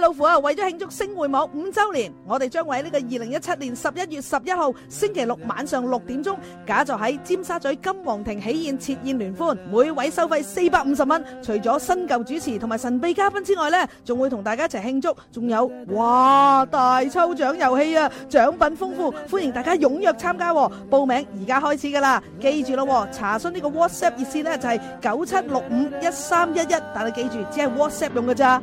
老虎啊！為咗慶祝星匯網五周年，我哋將會喺呢個二零一七年十一月十一號星期六晚上六點鐘，假就喺尖沙咀金皇庭起宴設宴聯歡，每位收費四百五十蚊。除咗新舊主持同埋神秘嘉賓之外呢，仲會同大家一齊慶祝。仲有哇大抽獎遊戲啊，獎品豐富，歡迎大家踴躍參加。報名而家開始噶啦，記住咯，查詢呢個 WhatsApp 熱線呢就係九七六五一三一一，但係記住只係 WhatsApp 用噶咋。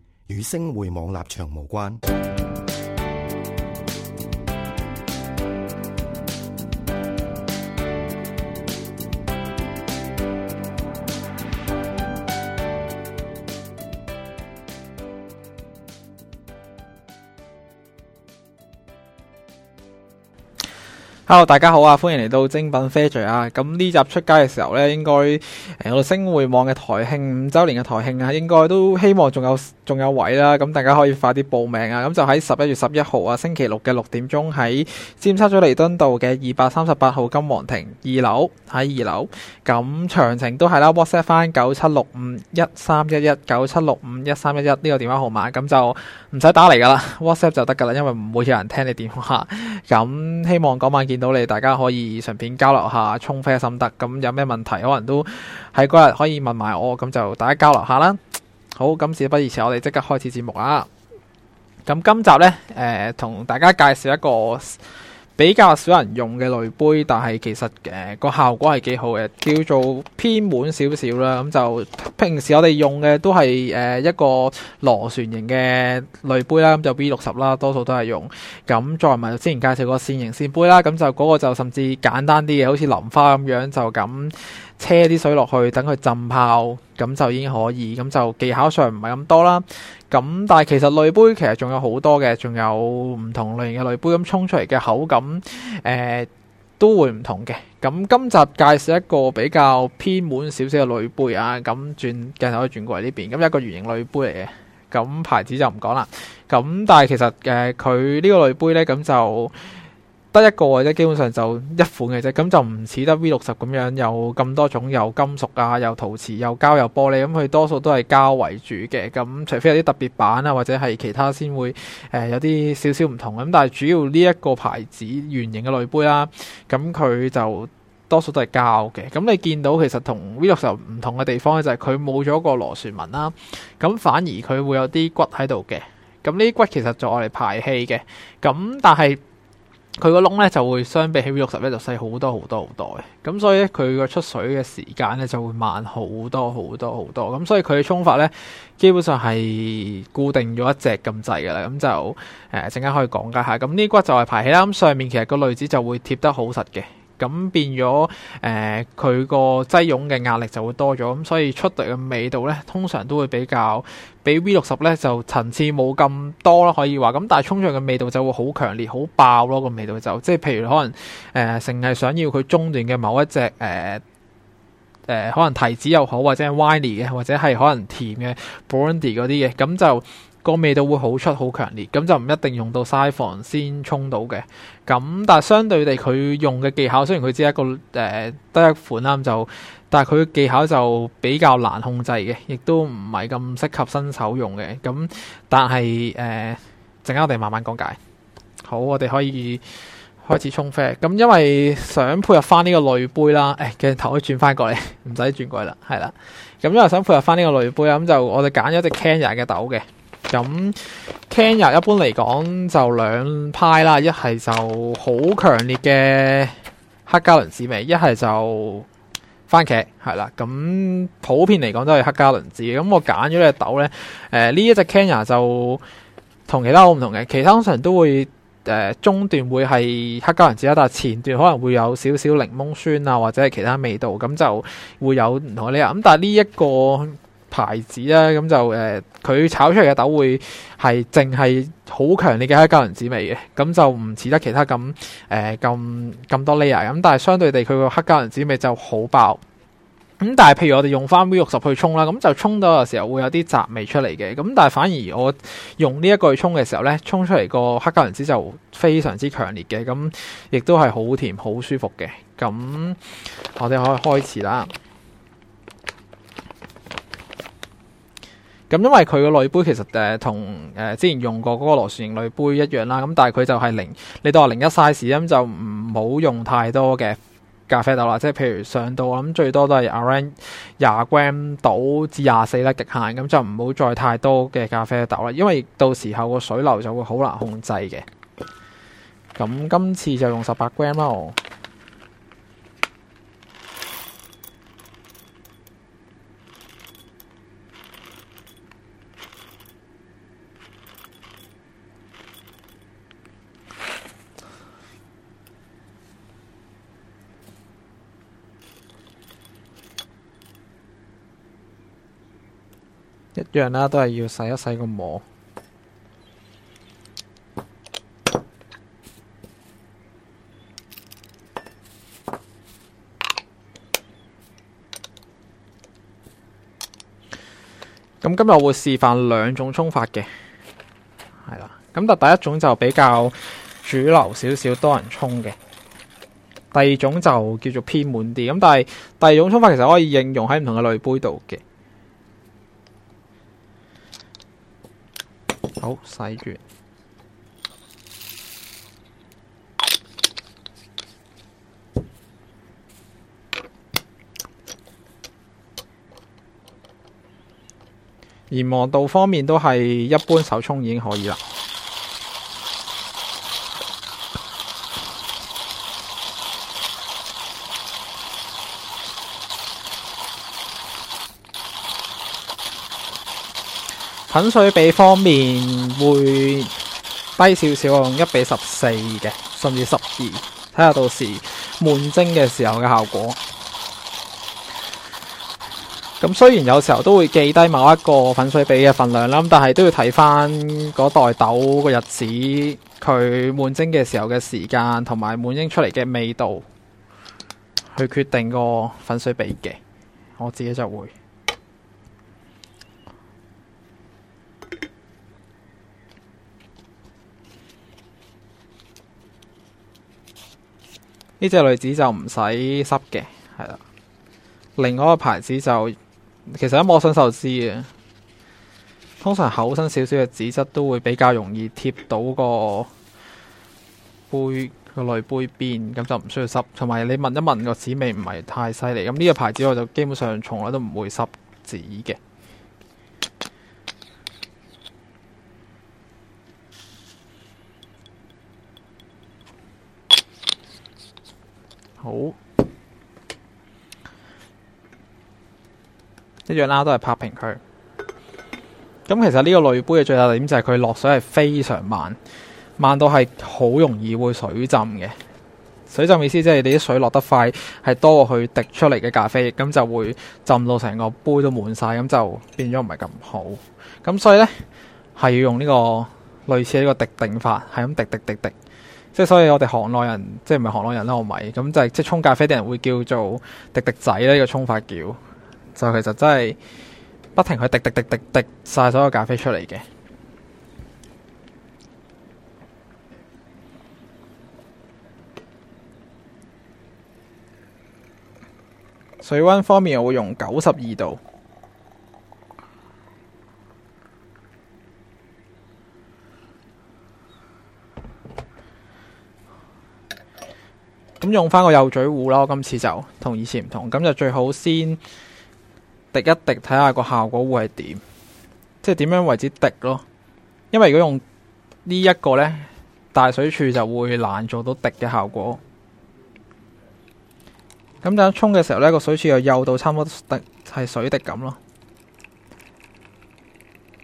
與星匯網立場無關。Hello，大家好啊！歡迎嚟到精品啡聚啊！咁呢集出街嘅時候呢，應該誒，我哋星匯網嘅台慶五周年嘅台慶啊，應該都希望仲有。仲有位啦，咁大家可以快啲報名啊！咁就喺十一月十一號啊，星期六嘅六點鐘喺尖沙咀彌敦道嘅二百三十八號金皇庭二樓喺二樓。咁詳情都係啦，WhatsApp 翻九七六五一三一一九七六五一三一一呢個電話號碼，咁就唔使打嚟噶啦，WhatsApp 就得噶啦，因為唔會有人聽你電話。咁希望嗰晚見到你，大家可以順便交流下沖啡心得。咁有咩問題，可能都喺嗰日可以問埋我，咁就大家交流下啦。好，今次不如此，我哋即刻開始節目啊！咁今集呢，誒、呃，同大家介紹一個比較少人用嘅濾杯，但係其實誒個、呃、效果係幾好嘅，叫做偏碗少少啦。咁就平時我哋用嘅都係誒、呃、一個螺旋形嘅濾杯啦，咁就 B 六十啦，多數都係用。咁再埋之前介紹個扇形扇杯啦，咁就嗰個就甚至簡單啲嘅，好似淋花咁樣就咁。車啲水落去，等佢浸泡，咁就已經可以，咁就技巧上唔係咁多啦。咁但係其實濾杯其實仲有好多嘅，仲有唔同類型嘅濾杯，咁沖出嚟嘅口感誒、呃、都會唔同嘅。咁今集介紹一個比較偏滿少少嘅濾杯啊，咁轉鏡頭可以轉過嚟呢邊，咁一個圓形濾杯嚟嘅，咁牌子就唔講啦。咁但係其實誒佢、呃、呢個濾杯咧，咁就～得一個啫，基本上就一款嘅啫，咁就唔似得 V 六十咁樣有咁多種，有金屬啊，有陶瓷，有膠，有玻璃，咁佢多數都係膠為主嘅。咁除非有啲特別版啊，或者係其他先會誒、呃、有啲少少唔同嘅。咁但係主要呢一個牌子圓形嘅濾杯啦，咁佢就多數都係膠嘅。咁你見到其實 v 同 V 六十唔同嘅地方咧，就係佢冇咗個螺旋紋啦，咁反而佢會有啲骨喺度嘅。咁呢啲骨其實做嚟排氣嘅。咁但係。佢個窿咧就會相比起 V 六十咧就細好多好多好多嘅，咁所以咧佢個出水嘅時間咧就會慢好多好多好多，咁所以佢嘅沖法咧基本上係固定咗一隻咁滯㗎喇，咁就誒陣間可以講解下，咁呢骨就係排氣啦，咁上面其實個濾紙就會貼得好實嘅。咁變咗誒，佢個擠擁嘅壓力就會多咗，咁所以出嚟嘅味道咧，通常都會比較比 V 六十咧就層次冇咁多咯，可以話。咁但係沖上嘅味道就會好強烈、好爆咯，個味道就即係譬如可能誒，成日想要佢中段嘅某一隻誒誒，可能提子又好，或者 winey 嘅，或者係可能甜嘅 brandy 嗰啲嘅，咁就。個味道會好出，好強烈，咁就唔一定用到曬房先沖到嘅。咁但係相對地，佢用嘅技巧雖然佢只係一個誒得、呃、一款啦，就但係佢技巧就比較難控制嘅，亦都唔係咁適合新手用嘅。咁但係誒，陣、呃、間我哋慢慢講解。好，我哋可以開始沖啡。咁因為想配合返呢個濾杯啦，誒、哎、鏡頭可以轉返過嚟，唔使轉過嚟啦，係啦。咁因為想配合返呢個濾杯啦，咁就我哋揀咗隻 Kenya 嘅豆嘅。咁 Kenya 一般嚟講就兩派啦，一係就好強烈嘅黑加侖子味，一係就番茄，係啦。咁普遍嚟講都係黑加侖子。咁我揀咗呢隻豆呢，誒、呃、呢一隻 Kenya 就同其他好唔同嘅，其他通常都會誒、呃、中段會係黑加侖子啦，但係前段可能會有少少檸檬酸啊，或者係其他味道，咁就會有唔同嘅啊。咁但係呢一個牌子啦，咁就誒，佢、呃、炒出嚟嘅豆會係淨係好強烈嘅黑加侖子味嘅，咁就唔似得其他咁誒咁咁多 layer 咁，但係相對地，佢個黑加侖子味就好爆。咁但係，譬如我哋用返 V 六十去沖啦，咁就沖到嘅時候會有啲雜味出嚟嘅，咁但係反而我用呢一個去沖嘅時候呢，沖出嚟個黑加侖子就非常之強烈嘅，咁亦都係好甜好舒服嘅。咁我哋可以開始啦。咁因為佢個濾杯其實誒同誒之前用過嗰個螺旋形濾杯一樣啦，咁但係佢就係零，你當零一 size 咁就唔好用太多嘅咖啡豆啦。即係譬如上到我諗最多都係 around 廿 gram 到至廿四粒極限，咁就唔好再太多嘅咖啡豆啦，因為到時候個水流就會好難控制嘅。咁今次就用十八 gram 啦。一樣啦，都係要洗一洗個膜。咁今日我會示範兩種沖法嘅，係啦。咁第第一種就比較主流少少，多人沖嘅。第二種就叫做偏滿啲。咁但係第二種沖法其實可以應用喺唔同嘅濾杯度嘅。好，洗完，研磨度方面都係一般手沖已經可以啦。粉水比方面會低少少，用一比十四嘅，甚至十二，睇下到時悶蒸嘅時候嘅效果。咁雖然有時候都會記低某一個粉水比嘅份量啦，但係都要睇翻嗰袋豆個日子，佢悶蒸嘅時候嘅時間，同埋悶蒸出嚟嘅味道，去決定個粉水比嘅。我自己就會。呢隻濾紙就唔使濕嘅，係啦。另外一個牌子就其實一摸上手就知嘅，通常厚身少少嘅紙質都會比較容易貼到個杯個濾杯邊，咁就唔需要濕。同埋你聞一聞個紙味唔係太犀利，咁呢個牌子我就基本上從來都唔會濕紙嘅。好，一樣啦，都係拍平佢。咁其實呢個濾杯嘅最大特點就係佢落水係非常慢，慢到係好容易會水浸嘅。水浸意思即係你啲水落得快，係多過去滴出嚟嘅咖啡液，咁就會浸到成個杯都滿晒，咁就變咗唔係咁好。咁所以呢，係要用呢個類似呢個滴定法，係咁滴滴滴滴。即係所以我哋行內人，即係唔係行內人啦，我咪，係，咁就係即係沖咖啡啲人會叫做滴滴仔呢、呢個沖法叫，就其實真係不停去滴滴滴滴滴晒所有咖啡出嚟嘅。水溫方面我會用九十二度。咁用翻個幼嘴壺咯，我今次就同以前唔同，咁就最好先滴一滴睇下個效果會係點，即係點樣為之滴咯。因為如果用呢一個呢，大水柱就會難做到滴嘅效果。咁等下沖嘅時候呢，個水柱又幼到差唔多滴係水滴咁咯。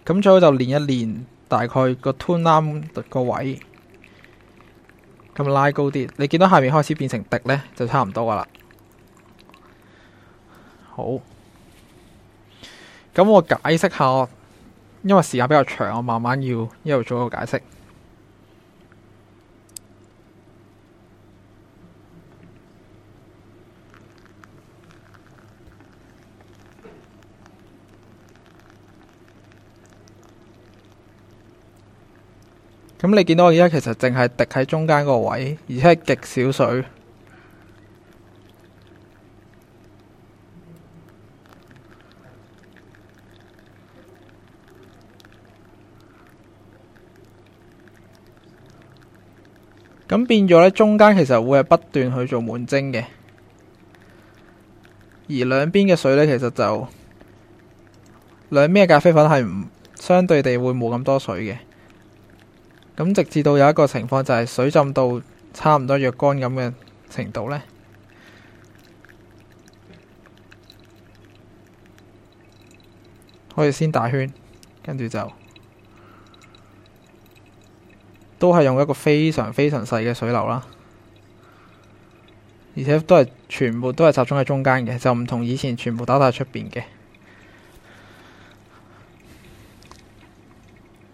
咁最好就練一練，大概個拖啱個位。咁拉高啲，你見到下面開始變成滴咧，就差唔多噶啦。好，咁我解釋下，因為時間比較長，我慢慢要一路做一個解釋。咁你見到我而家其實淨係滴喺中間個位，而且係極少水。咁變咗咧，中間其實會係不斷去做悶蒸嘅，而兩邊嘅水咧，其實就兩邊嘅咖啡粉係唔相對地會冇咁多水嘅。咁直至到有一個情況就係、是、水浸到差唔多若干咁嘅程度咧，可以先打圈，跟住就都係用一個非常非常細嘅水流啦，而且都係全部都係集中喺中間嘅，就唔同以前全部打晒出邊嘅。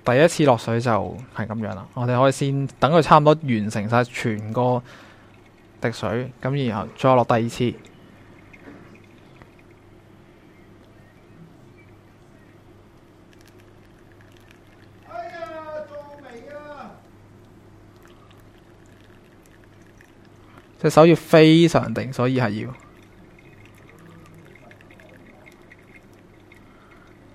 第一次落水就係咁樣啦，我哋可以先等佢差唔多完成晒全個滴水，咁然後再落第二次。隻、哎、手要非常定，所以係要。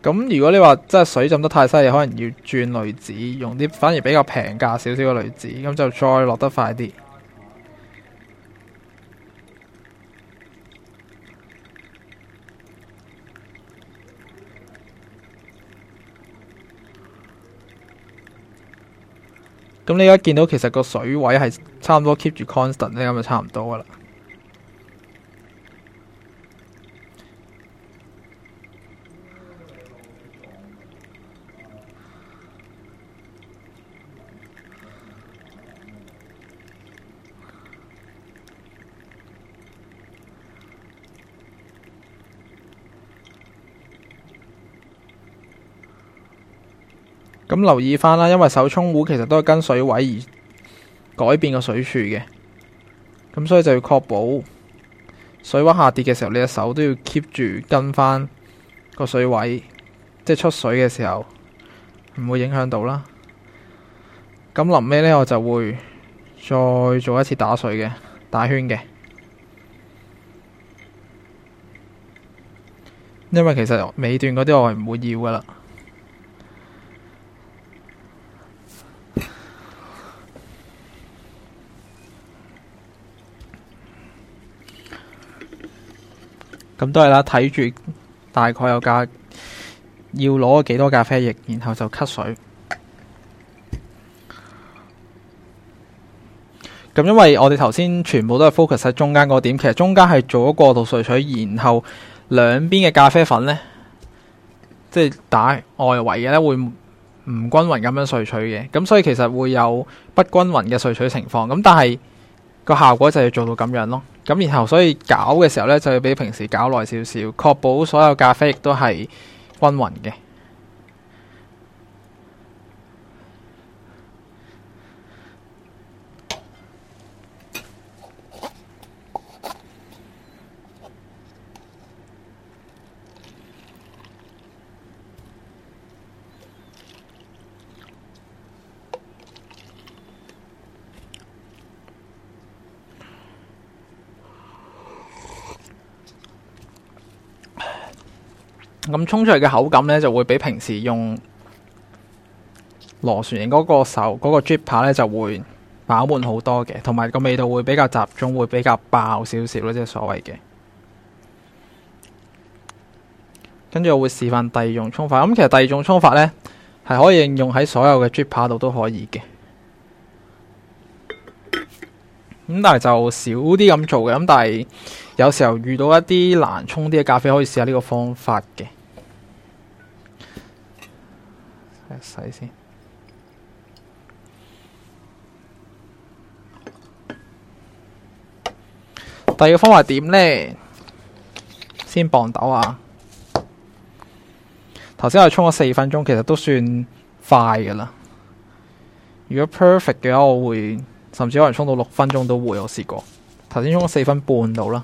咁如果你話真係水浸得太犀利，可能要轉濾紙，用啲反而比較平價少少嘅濾紙，咁就再落得快啲。咁 你而家見到其實個水位係差唔多 keep 住 constant 咧，咁就差唔多噶啦。咁留意翻啦，因為手沖壺其實都係跟水位而改變個水柱嘅，咁所以就要確保水溫下跌嘅時候，你隻手都要 keep 住跟翻個水位，即係出水嘅時候唔會影響到啦。咁臨尾呢，我就會再做一次打水嘅打圈嘅，因為其實尾段嗰啲我係唔會要噶啦。咁都係啦，睇住大概有咖，要攞幾多咖啡液，然後就吸水。咁因為我哋頭先全部都係 focus 喺中間個點，其實中間係做咗過度萃取，然後兩邊嘅咖啡粉呢，即係打外圍嘅呢，會唔均勻咁樣萃取嘅，咁所以其實會有不均勻嘅萃取情況。咁但係個效果就要做到咁樣咯。咁然後，所以攪嘅時候呢，就要比平時攪耐少少，確保所有咖啡亦都係均勻嘅。咁沖出嚟嘅口感呢，就會比平時用螺旋形嗰個手嗰個 dripper 咧，就會飽滿好多嘅，同埋個味道會比較集中，會比較爆少少咯，即係所謂嘅。跟住我會示範第二種沖法，咁其實第二種沖法呢，係可以應用喺所有嘅 dripper 度都可以嘅。咁但係就少啲咁做嘅，咁但係有時候遇到一啲難沖啲嘅咖啡，可以試下呢個方法嘅。第二個方法點呢？先磅豆啊！頭先我哋沖咗四分鐘，其實都算快噶啦。如果 perfect 嘅話，我會甚至可能沖到六分鐘都會有試過。頭先沖咗四分半到啦，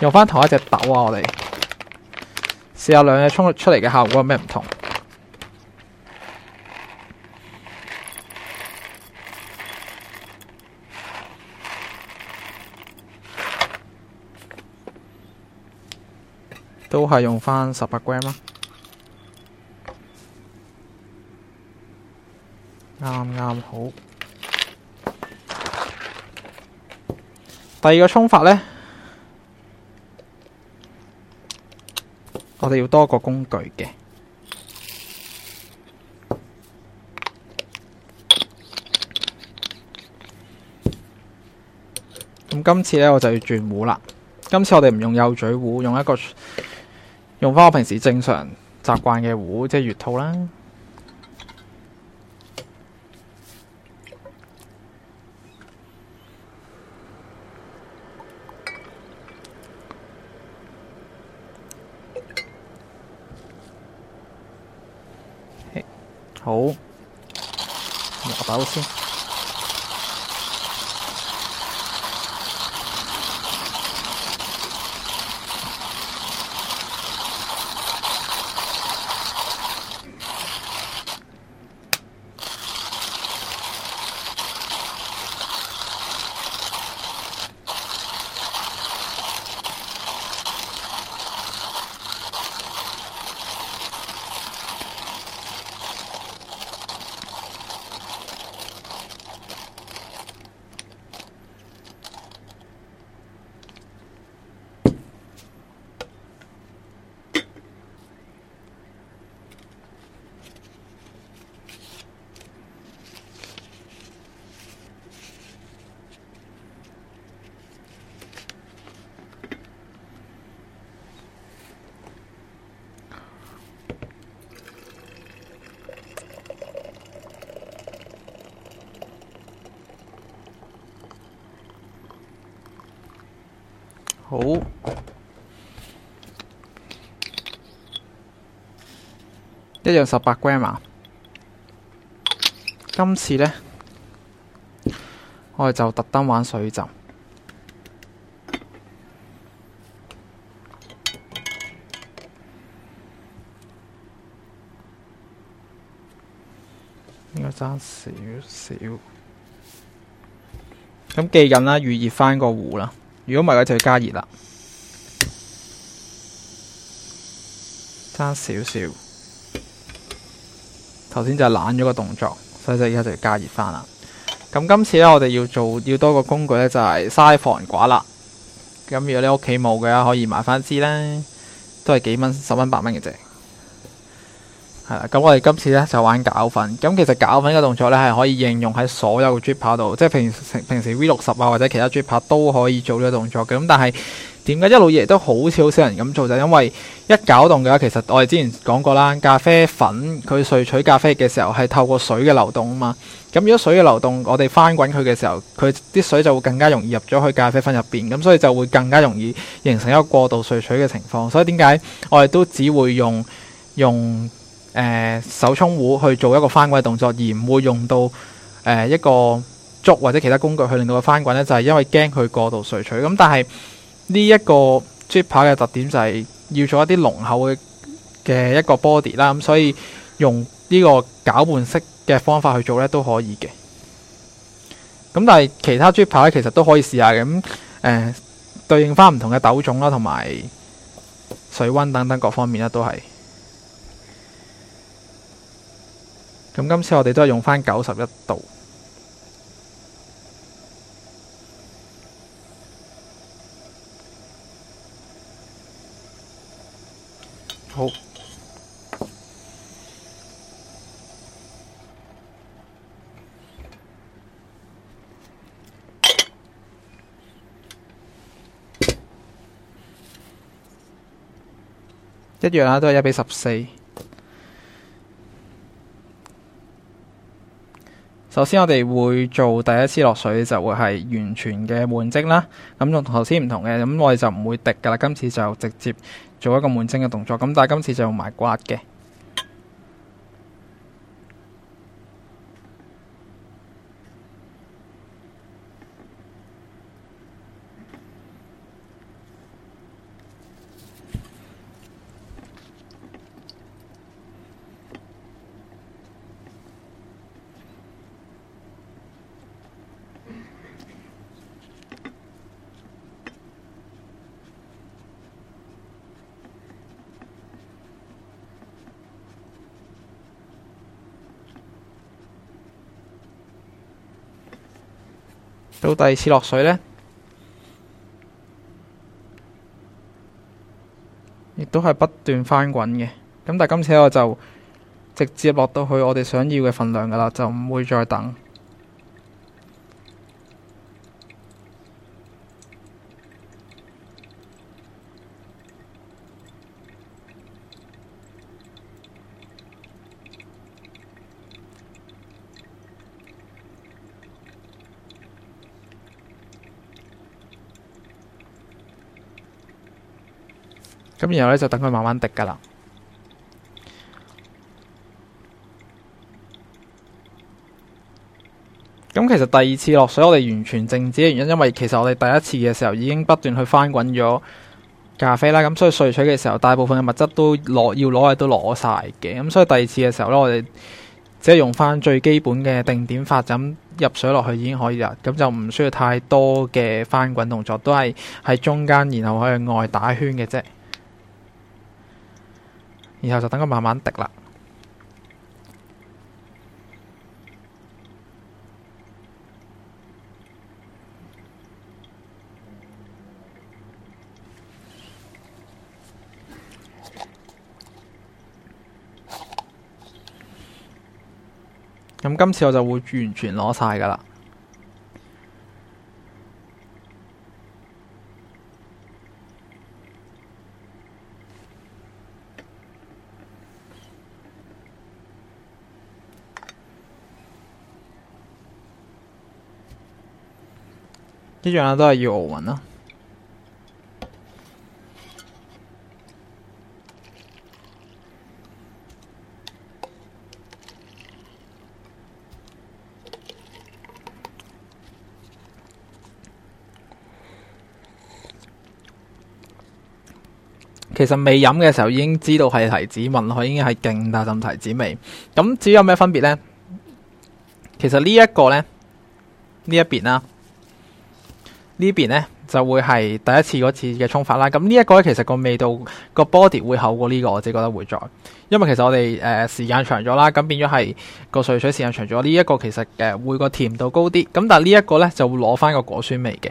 用翻同一隻豆啊！我哋試下兩隻沖出嚟嘅效果有咩唔同？都係用翻十八 gram 啦，啱啱好。第二個沖法呢，我哋要多個工具嘅。咁今次呢，我就要轉壺啦。今次我哋唔用幼嘴壺，用一個。用翻我平時正常習慣嘅壺，即係月兔啦。好，我打開先。好，一樣十八 gram 啊！今次呢，我哋就特登玩水浸，應該爭少少。咁記緊啦，預熱翻個壺啦。如果唔係嘅，就要加熱啦。少少，頭先就係懶咗個動作，所以就而家就要加熱翻啦。咁今次呢，我哋要做要多個工具呢，就係、是、篩防寡啦。咁如果你屋企冇嘅咧，可以買翻支咧，都係幾蚊十蚊八蚊嘅啫。係啦，咁我哋今次呢，就玩攪粉。咁其實攪粉嘅動作呢，係可以應用喺所有嘅 Dripper 度，即係平時平時 V60 啊或者其他 Dripper 都可以做呢個動作嘅。咁但係。點解一路亦都好少好少人咁做？就係、因為一搞動嘅話，其實我哋之前講過啦，咖啡粉佢萃取咖啡液嘅時候係透過水嘅流動啊嘛。咁如果水嘅流動，我哋翻滾佢嘅時候，佢啲水就會更加容易入咗去咖啡粉入邊，咁所以就會更加容易形成一個過度萃取嘅情況。所以點解我哋都只會用用誒、呃、手沖壺去做一個翻滾嘅動作，而唔會用到誒、呃、一個竹或者其他工具去令到佢翻滾咧？就係、係、因為驚佢過度萃取。咁但係。呢一個 Dripper 嘅特點就係要做一啲濃厚嘅嘅一個 body 啦，咁所以用呢個攪拌式嘅方法去做咧都可以嘅。咁但係其他 Dripper 其實都可以試下嘅，咁誒、呃、對應翻唔同嘅豆種啦，同埋水溫等等各方面咧都係。咁今次我哋都係用翻九十一度。哦，好一樣啊，都係一比十四。首先我哋會做第一次落水，就會係完全嘅悶蒸啦。咁同頭先唔同嘅，咁我哋就唔會滴㗎喇。今次就直接做一個悶蒸嘅動作。咁但係今次就用埋刮嘅。到第二次落水呢，亦都係不斷翻滾嘅。咁但係今次我就直接落到去我哋想要嘅份量喇，就唔會再等。咁然後咧就等佢慢慢滴噶啦。咁其實第二次落水我哋完全靜止嘅原因，因為其實我哋第一次嘅時候已經不斷去翻滾咗咖啡啦，咁所以萃取嘅時候大部分嘅物質都攞要攞嘅都攞晒嘅，咁所以第二次嘅時候呢，我哋只係用翻最基本嘅定點法，就咁入水落去已經可以啦，咁就唔需要太多嘅翻滾動作，都係喺中間然後去外打圈嘅啫。然後就等佢慢慢滴啦。咁今次我就會完全攞晒㗎啦。呢種係都係油嘛？啦。其實未飲嘅時候已經知道係提子，聞落去已經係勁大陣提子味。咁至於有咩分別呢？其實呢一個呢，一邊呢一邊啦。呢邊呢就會係第一次嗰次嘅沖法啦，咁呢一個咧其實個味道個 body 會厚過呢、這個，我自己覺得會再，因為其實我哋誒、呃、時間長咗啦，咁變咗係個萃取時間長咗，呢、這、一個其實誒會個甜度高啲，咁但係呢一個呢，就會攞翻個果酸味嘅。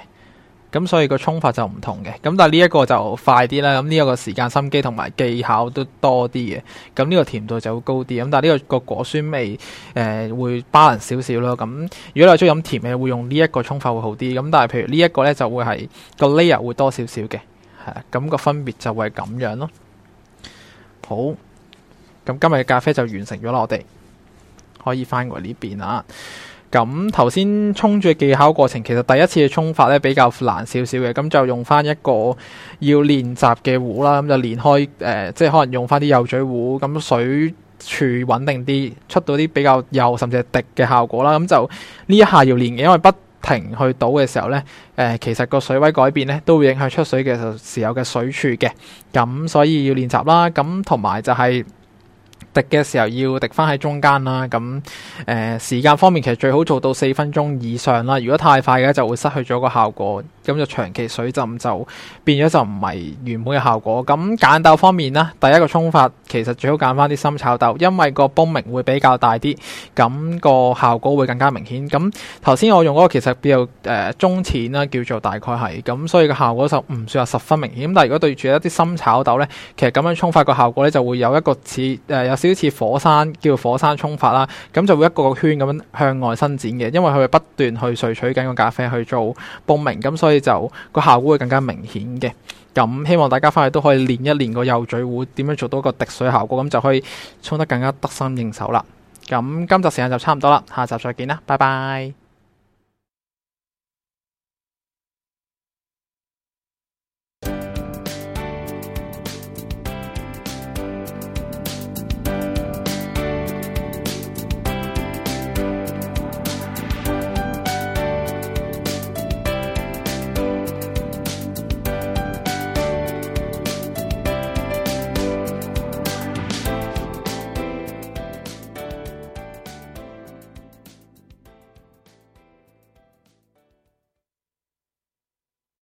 咁所以個沖法就唔同嘅，咁但係呢一個就快啲啦，咁呢一個時間心機同埋技巧都多啲嘅，咁呢個甜度就會高啲，咁但係呢個個果酸味誒、呃、會 balance 少少咯。咁如果你係中意飲甜嘅，會用呢一個沖法會好啲。咁但係譬如呢一個呢，就會係個 layer 會多少少嘅，係咁、咁個分別就係咁樣咯。好，咁今日嘅咖啡就完成咗啦，我哋可以翻嚟呢邊啊。咁頭先沖住技巧過程，其實第一次嘅沖法咧比較難少少嘅，咁就用翻一個要練習嘅壺啦，咁就練開，誒、呃，即係可能用翻啲幼嘴壺，咁水柱穩定啲，出到啲比較幼甚至係滴嘅效果啦。咁就呢一下要練嘅，因為不停去倒嘅時候咧，誒、呃，其實個水位改變咧都會影響出水嘅時候嘅水柱嘅，咁所以要練習啦。咁同埋就係、是。滴嘅時候要滴翻喺中間啦，咁誒、呃、時間方面其實最好做到四分鐘以上啦。如果太快嘅話就會失去咗個效果，咁就長期水浸就變咗就唔係原本嘅效果。咁揀豆方面呢，第一個沖法其實最好揀翻啲深炒豆，因為個波明會比較大啲，咁、那個效果會更加明顯。咁頭先我用嗰個其實比較誒、呃、中淺啦，叫做大概係，咁所以個效果就唔算話十分明顯。但係如果對住一啲深炒豆呢，其實咁樣沖法個效果呢，就會有一個似誒、呃、有。好似火山叫火山沖法啦，咁就會一個個圈咁樣向外伸展嘅，因為佢會不斷去萃取緊個咖啡去做泵明，咁所以就個效果會更加明顯嘅。咁希望大家返去都可以練一練個幼嘴壺點樣做到個滴水效果，咁就可以沖得更加得心應手啦。咁今集時間就差唔多啦，下集再見啦，拜拜。